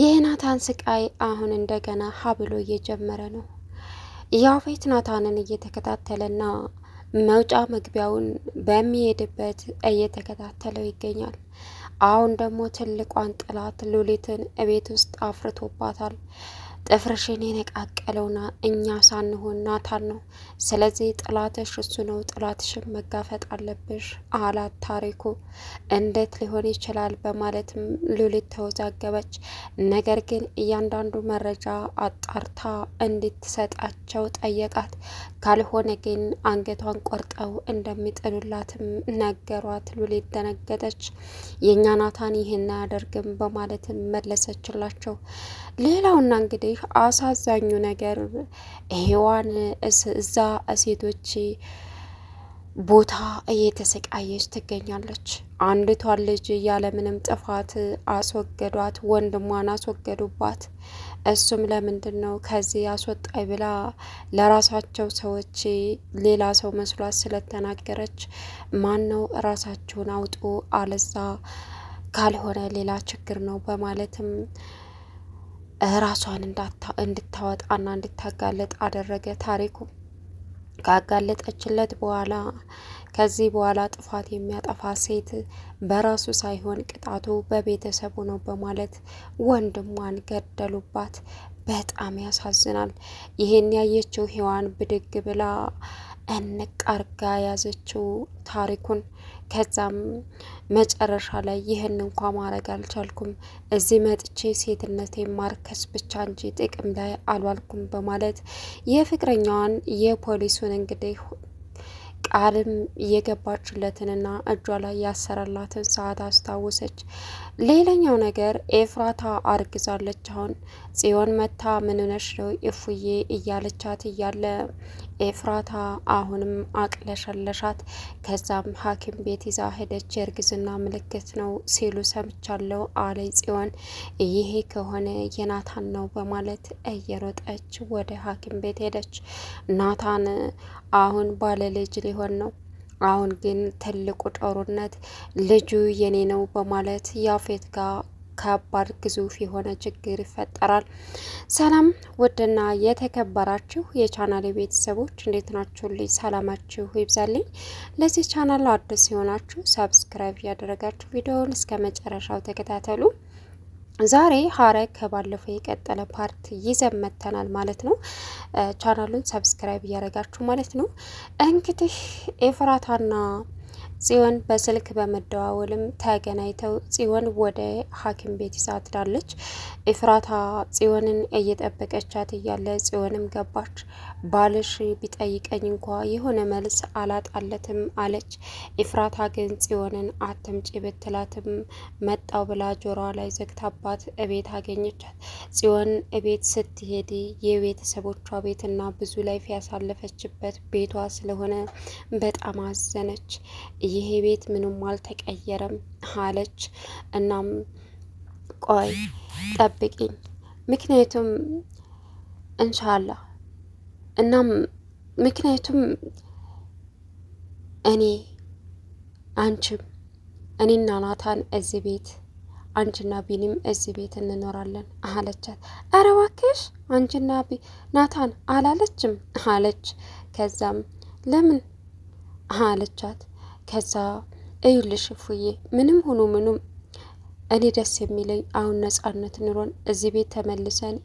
የናታን ስቃይ አሁን እንደገና ሀብሎ እየጀመረ ነው። ያፌት ናታንን እየተከታተለና መውጫ መግቢያውን በሚሄድበት እየተከታተለው ይገኛል። አሁን ደግሞ ትልቋን ጥላት ሉሊትን እቤት ውስጥ አፍርቶባታል። ጥፍርሽን የነቃቀለውና እኛ ሳንሆን ናታን ነው። ስለዚህ ጥላትሽ እሱ ነው፣ ጥላትሽን መጋፈጥ አለብሽ አላት ታሪኩ። እንዴት ሊሆን ይችላል በማለትም ሉሊት ተወዛገበች። ነገር ግን እያንዳንዱ መረጃ አጣርታ እንድትሰጣቸው ጠየቃት። ካልሆነ ግን አንገቷን ቆርጠው እንደሚጥሉላትም ነገሯት። ሉሊት ደነገጠች። የእኛ ናታን ይህን አያደርግም በማለትም መለሰችላቸው። ሌላውና እንግዲህ እንግዲህ አሳዛኙ ነገር ሔዋን እዛ ሴቶች ቦታ እየተሰቃየች ትገኛለች። አንዲቷን ልጅ ያለምንም ጥፋት አስወገዷት፣ ወንድሟን አስወገዱባት። እሱም ለምንድን ነው ከዚህ አስወጣይ ብላ ለራሳቸው ሰዎች ሌላ ሰው መስሏት ስለተናገረች፣ ማን ነው ራሳችሁን አውጡ፣ አለዛ ካልሆነ ሌላ ችግር ነው በማለትም ራሷን እንድታወጣና እንድታጋለጥ አደረገ። ታሪኩ ካጋለጠችለት በኋላ ከዚህ በኋላ ጥፋት የሚያጠፋ ሴት በራሱ ሳይሆን ቅጣቱ በቤተሰቡ ነው በማለት ወንድሟን ገደሉባት። በጣም ያሳዝናል። ይሄን ያየችው ሔዋን ብድግ ብላ እንቅ አርጋ ያዘችው ታሪኩን። ከዛም መጨረሻ ላይ ይህን እንኳ ማድረግ አልቻልኩም፣ እዚህ መጥቼ ሴትነቴ ማርከስ ብቻ እንጂ ጥቅም ላይ አልዋልኩም በማለት የፍቅረኛዋን የፖሊሱን እንግዲህ ቃልም የገባችለትንና እጇ ላይ ያሰረላትን ሰዓት አስታወሰች። ሌላኛው ነገር ኤፍራታ አርግዛለች። አሁን ጽዮን መታ ምንነሽ ነው እፉዬ እያለቻት እያለ ኤፍራታ አሁንም አቅለሸለሻት። ከዛም ሐኪም ቤት ይዛ ሄደች። የእርግዝና ምልክት ነው ሲሉ ሰምቻለሁ አለይ ጽዮን። ይሄ ከሆነ የናታን ነው በማለት እየሮጠች ወደ ሐኪም ቤት ሄደች። ናታን አሁን ባለልጅ ሊሆን ነው አሁን ግን ትልቁ ጦርነት ልጁ የኔ ነው በማለት ያፌት ጋር ከባድ ግዙፍ የሆነ ችግር ይፈጠራል። ሰላም ውድና የተከበራችሁ የቻናል ቤተሰቦች እንዴት ናችሁ? ልጅ ሰላማችሁ ይብዛልኝ። ለዚህ ቻናል አዲስ የሆናችሁ ሰብስክራይብ ያደረጋችሁ ቪዲዮውን እስከ መጨረሻው ተከታተሉ። ዛሬ ሐረግ ከባለፈው የቀጠለ ፓርት ይዘን መጥተናል ማለት ነው። ቻናሉን ሰብስክራይብ እያደረጋችሁ ማለት ነው። እንግዲህ ኤፍራታና ጽዮን በስልክ በመደዋወልም ተገናኝተው ጽዮን ወደ ሐኪም ቤት ይዛ ትዳለች። ኤፍራታ ጽዮንን እየጠበቀቻት እያለ ጽዮንም ገባች። ባልሽ ቢጠይቀኝ እንኳ የሆነ መልስ አላጣለትም አለች። ኢፍራታ ግን ጽዮንን አትምጪ ብትላትም መጣው ብላ ጆሮዋ ላይ ዘግታባት እቤት አገኘቻት። ጽዮን እቤት ስትሄድ የቤተሰቦቿ ቤትና ብዙ ላይፍ ያሳለፈችበት ቤቷ ስለሆነ በጣም አዘነች። ይሄ ቤት ምንም አልተቀየረም አለች። እናም ቆይ ጠብቂኝ፣ ምክንያቱም እንሻላ እናም ምክንያቱም እኔ አንቺም እኔና ናታን እዚህ ቤት አንቺና ቢኒም እዚህ ቤት እንኖራለን አለቻት። ኧረ እባክሽ አንቺና ናታን አላለችም አለች። ከዛም ለምን አለቻት። ከዛ እዩልሽ ፉዬ ምንም ሆኖ ምኑም እኔ ደስ የሚለኝ አሁን ነጻነት ኑሮን እዚህ ቤት ተመልሰን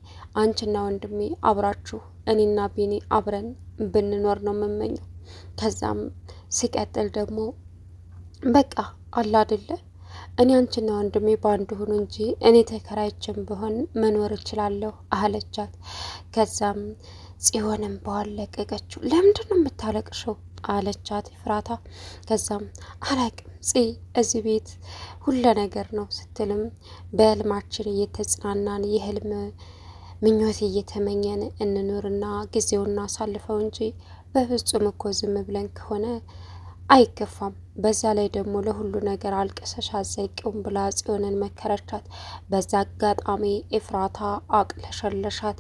አንቺና ወንድሜ አብራችሁ እኔና ቢኔ አብረን ብንኖር ነው የምመኘው። ከዛም ሲቀጥል ደግሞ በቃ አላ አደለ እኔ አንቺና ወንድሜ በአንድ ሁኑ እንጂ እኔ ተከራይችን ብሆን መኖር እችላለሁ አለቻት። ከዛም ጽዮንም በዋለቀቀችው ለምንድን ነው የምታለቅሸው አለቻት ፍራታ ከዛም አላቅም ጽ እዚህ ቤት ሁለ ነገር ነው ስትልም በህልማችን እየተጽናናን የህልም ምኞት እየተመኘን እንኑርና ጊዜውን አሳልፈው እንጂ በፍጹም እኮ ዝም ብለን ከሆነ አይገፋም። በዛ ላይ ደግሞ ለሁሉ ነገር አልቅሰሽ አዘቂውም ብላ ጽዮንን መከረቻት። በዛ አጋጣሚ ኤፍራታ አቅለሸለሻት።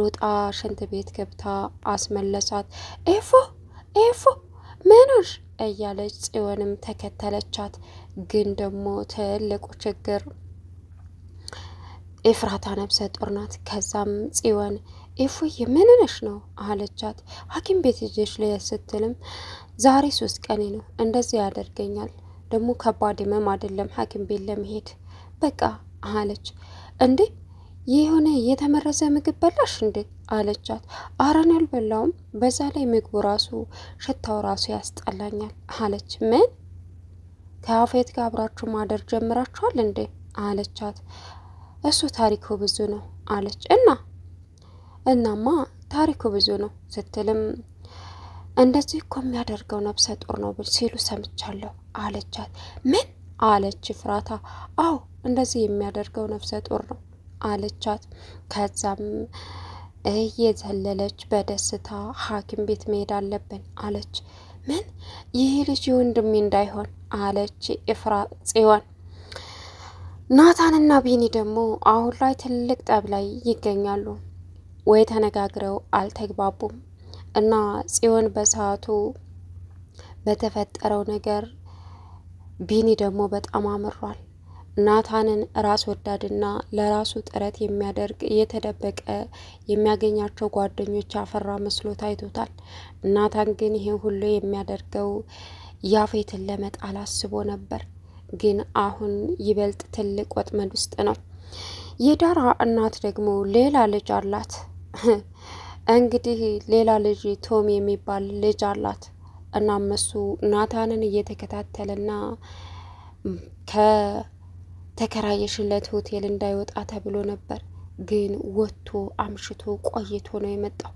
ሩጣ ሽንት ቤት ገብታ አስመለሳት። ኤፎ ኤፎ ምኖሽ እያለች ጽዮንም ተከተለቻት። ግን ደግሞ ትልቁ ችግር ኤፍራታ ነብሰ ጡር ናት። ከዛም ጽዮን ኤፉዬ ምን ሆነሽ ነው አለቻት። ሐኪም ቤት ይዤሽ ላይ ስትልም ዛሬ ሶስት ቀኔ ነው እንደዚህ ያደርገኛል ደግሞ ከባድ ህመም አይደለም ሐኪም ቤት ለመሄድ በቃ አለች። እንዴ የሆነ የተመረዘ ምግብ በላሽ እንዴ አለቻት። አረን አልበላውም፣ በዛ ላይ ምግቡ ራሱ ሽታው ራሱ ያስጠላኛል አለች። ምን ከአፌት ጋር አብራችሁ ማደር ጀምራችኋል እንዴ አለቻት። እሱ ታሪኩ ብዙ ነው አለች እና እናማ ታሪኩ ብዙ ነው ስትልም እንደዚህ እኮ የሚያደርገው ነብሰ ጡር ነው ሲሉ ሰምቻለሁ አለቻት። ምን አለች ፍራታ? አዎ እንደዚህ የሚያደርገው ነብሰ ጡር ነው አለቻት። ከዛም እየዘለለች በደስታ ሐኪም ቤት መሄድ አለብን አለች። ምን ይህ ልጅ ወንድሜ እንዳይሆን አለች ኤፍራ ጽዮን። ናታንና ቢኒ ደግሞ አሁን ላይ ትልቅ ጠብ ላይ ይገኛሉ። ወይ ተነጋግረው አልተግባቡም እና ጽዮን በሰዓቱ በተፈጠረው ነገር ቢኒ ደግሞ በጣም አምሯል። ናታንን ራስ ወዳድና ለራሱ ጥረት የሚያደርግ እየተደበቀ የሚያገኛቸው ጓደኞች ያፈራ መስሎ ታይቶታል። ናታን ግን ይህን ሁሉ የሚያደርገው ያፌትን ለመጣል አስቦ ነበር። ግን አሁን ይበልጥ ትልቅ ወጥመድ ውስጥ ነው። የዳራ እናት ደግሞ ሌላ ልጅ አላት። እንግዲህ ሌላ ልጅ ቶም የሚባል ልጅ አላት። እናም እሱ ናታንን እየተከታተለና ከተከራየሽለት ሆቴል እንዳይወጣ ተብሎ ነበር ግን ወጥቶ አምሽቶ ቆይቶ ነው የመጣው።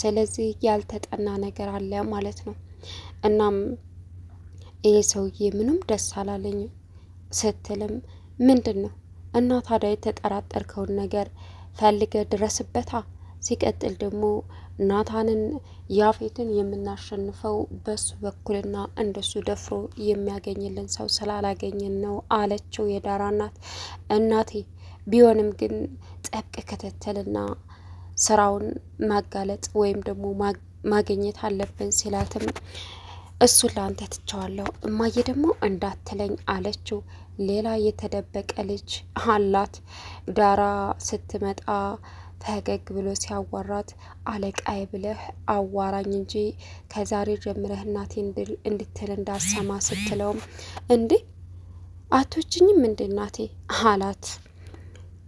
ስለዚህ ያልተጠና ነገር አለ ማለት ነው። እናም ይህ ሰውዬ ምንም ደስ አላለኝም ስትልም ምንድን ነው እና ታዲያ የተጠራጠርከውን ነገር ፈልገ ድረስበታ ሲቀጥል ደግሞ ናታንን ያፌትን የምናሸንፈው በሱ በኩልና እንደሱ ደፍሮ የሚያገኝልን ሰው ስላላገኘን ነው አለችው የዳራ እናት። እናቴ ቢሆንም ግን ጠብቅ ከተተልና ስራውን ማጋለጥ ወይም ደግሞ ማግኘት አለብን ሲላትም እሱን ለአንተ ትቸዋለሁ እማዬ ደግሞ እንዳትለኝ አለችው። ሌላ የተደበቀ ልጅ አላት ዳራ ስትመጣ ፈገግ ብሎ ሲያዋራት አለቃዬ ብለህ አዋራኝ እንጂ ከዛሬ ጀምረህ እናቴ እንድትል እንዳሰማ ስትለውም እንዴ አቶችኝም እንዴ እናቴ አላት።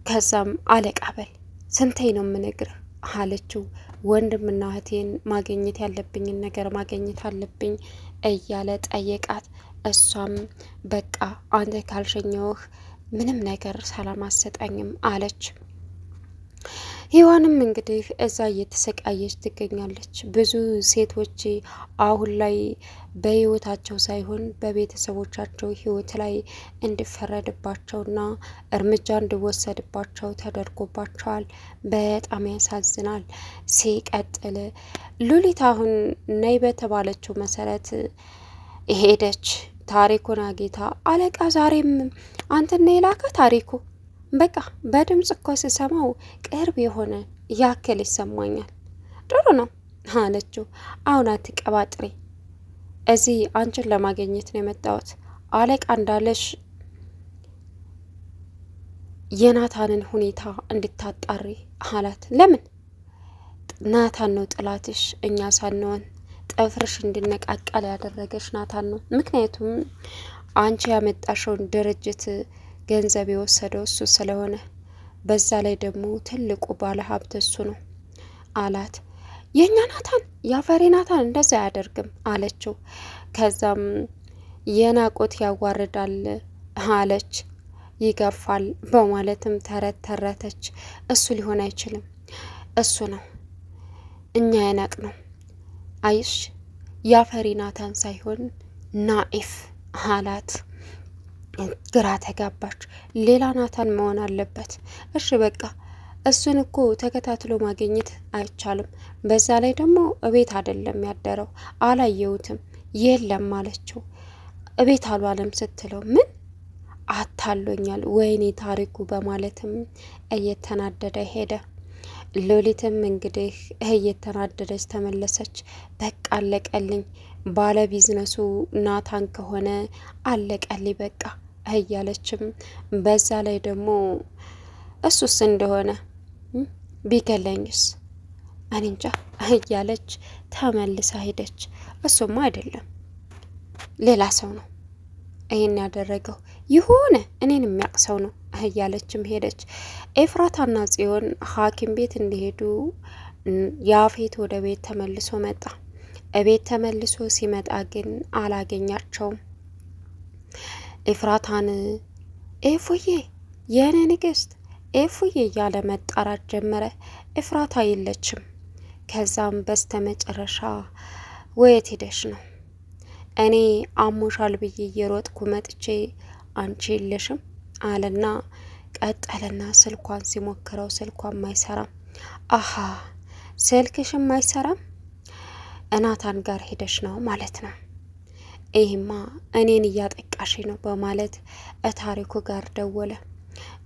ከዛም አለቃ በል ስንተኝ ነው የምነግርህ አለችው። ወንድምና እህቴን ማግኘት ያለብኝን ነገር ማግኘት አለብኝ እያለ ጠየቃት። እሷም በቃ አንተ ካልሸኘውህ ምንም ነገር ሰላም አሰጠኝም አለች። ሔዋንም እንግዲህ እዛ እየተሰቃየች ትገኛለች። ብዙ ሴቶች አሁን ላይ በህይወታቸው ሳይሆን በቤተሰቦቻቸው ህይወት ላይ እንዲፈረድባቸውና እርምጃ እንዲወሰድባቸው ተደርጎባቸዋል። በጣም ያሳዝናል። ሲቀጥል ሉሊት አሁን ነይ በተባለችው መሰረት ሄደች። ታሪኩን አጌታ አለቃ ዛሬም አንተና የላከ ታሪኩ በቃ በድምፅ እኮ ስሰማው ቅርብ የሆነ ያክል ይሰማኛል። ጥሩ ነው አለችው። አሁን አትቀባጥሪ፣ እዚህ አንቺን ለማግኘት ነው የመጣሁት። አለቃ እንዳለሽ የናታንን ሁኔታ እንድታጣሪ አላት። ለምን ናታን ነው ጥላትሽ፣ እኛ ሳንሆን ጥፍርሽ እንድነቃቀል ያደረገሽ ናታን ነው። ምክንያቱም አንቺ ያመጣሽውን ድርጅት ገንዘብ የወሰደው እሱ ስለሆነ በዛ ላይ ደግሞ ትልቁ ባለ ሀብት እሱ ነው አላት። የእኛ ናታን የአፈሬ ናታን እንደዛ አያደርግም አለችው። ከዛም የናቆት ያዋርዳል አለች፣ ይገፋል በማለትም ተረት ተረተች። እሱ ሊሆን አይችልም፣ እሱ ነው እኛ የናቅ ነው አይሽ የአፈሪ ናታን ሳይሆን ናኢፍ አላት። ግራ ተጋባች። ሌላ ናታን መሆን አለበት። እሺ በቃ እሱን እኮ ተከታትሎ ማግኘት አይቻልም። በዛ ላይ ደግሞ እቤት አይደለም ያደረው፣ አላየሁትም የለም አለችው። እቤት አሏለም ስትለው ምን አታሎኛል፣ ወይኔ ታሪኩ በማለትም እየተናደደ ሄደ። ሎሊትም እንግዲህ እየተናደደች ተመለሰች። በቃ አለቀልኝ፣ ባለ ቢዝነሱ ናታን ከሆነ አለቀልኝ በቃ እያለችም በዛ ላይ ደግሞ እሱስ እንደሆነ ቢገለኝስ አንንጃ እያለች ተመልሳ ሄደች። እሱማ አይደለም ሌላ ሰው ነው ይህን ያደረገው የሆነ እኔን የሚያውቅ ሰው ነው እያለችም ሄደች። ኤፍራታና ጽዮን ሐኪም ቤት እንዲሄዱ ያፌት ወደ ቤት ተመልሶ መጣ። እቤት ተመልሶ ሲመጣ ግን አላገኛቸውም። ኤፍራታን ኤፉዬ የእኔ ንግስት ኤፉዬ እያለ መጣራት ጀመረ። ኤፍራታ የለችም። ከዛም በስተ መጨረሻ ወየት ሄደሽ ነው? እኔ አሞሻል ብዬ እየሮጥኩ መጥቼ አንቺ የለሽም አለና ቀጠለና ስልኳን ሲሞክረው ስልኳን ማይሰራም አሃ ስልክሽም አይሰራም፣ እናታን ጋር ሄደሽ ነው ማለት ነው ይህማ እኔን እያጠቃሽ ነው በማለት ታሪኩ ጋር ደወለ።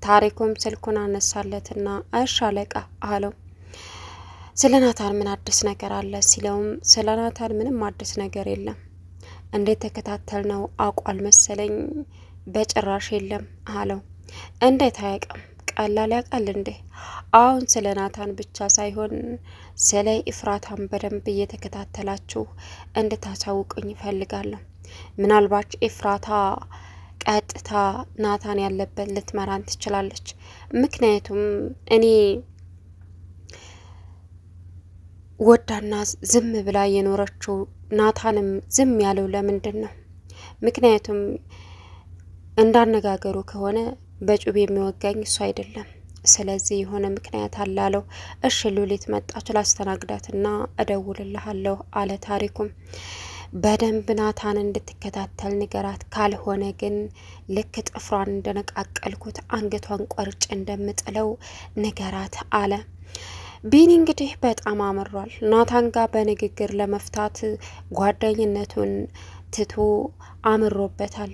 ታሪኩም ስልኩን አነሳለትና እሽ አለቃ አለው። ስለ ናታን ምን አዲስ ነገር አለ ሲለውም ስለ ናታን ምንም አዲስ ነገር የለም፣ እንዴት ተከታተል ነው አቋል መሰለኝ በጭራሽ የለም አለው። እንዴት አያውቅም ቀላል ያውቃል እንዴ? አሁን ስለ ናታን ብቻ ሳይሆን ስለ ኢፍራታን በደንብ እየተከታተላችሁ እንድታሳውቁኝ ይፈልጋለሁ። ምናልባች ኤፍራታ ቀጥታ ናታን ያለበት ልትመራን ትችላለች። ምክንያቱም እኔ ወዳና ዝም ብላ የኖረችው ናታንም ዝም ያለው ለምንድን ነው? ምክንያቱም እንዳነጋገሩ ከሆነ በጩቤ የሚወጋኝ እሱ አይደለም። ስለዚህ የሆነ ምክንያት አላለው። እሽ ሉሊት መጣች ላስተናግዳትና እደውልልሃለሁ አለ ታሪኩም። በደንብ ናታን እንድትከታተል ንገራት። ካልሆነ ግን ልክ ጥፍሯን እንደነቃቀልኩት አንገቷን ቆርጭ እንደምጥለው ንገራት አለ። ቢኒ እንግዲህ በጣም አምሯል። ናታን ጋር በንግግር ለመፍታት ጓደኝነቱን ትቶ አምሮበታል።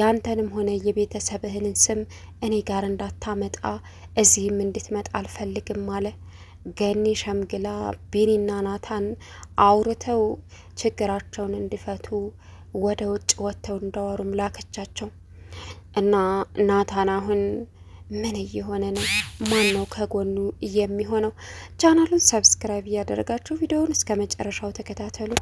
ያንተንም ሆነ የቤተሰብህንን ስም እኔ ጋር እንዳታመጣ እዚህም እንድትመጣ አልፈልግም አለ። ገኒ ሸምግላ ቢኒና ናታን አውርተው ችግራቸውን እንዲፈቱ ወደ ውጭ ወጥተው እንዳወሩም ላከቻቸው እና ናታን አሁን ምን እየሆነ ነው? ማን ነው ከጎኑ የሚሆነው? ቻናሉን ሰብስክራይብ እያደረጋችሁ ቪዲዮውን እስከ መጨረሻው ተከታተሉ።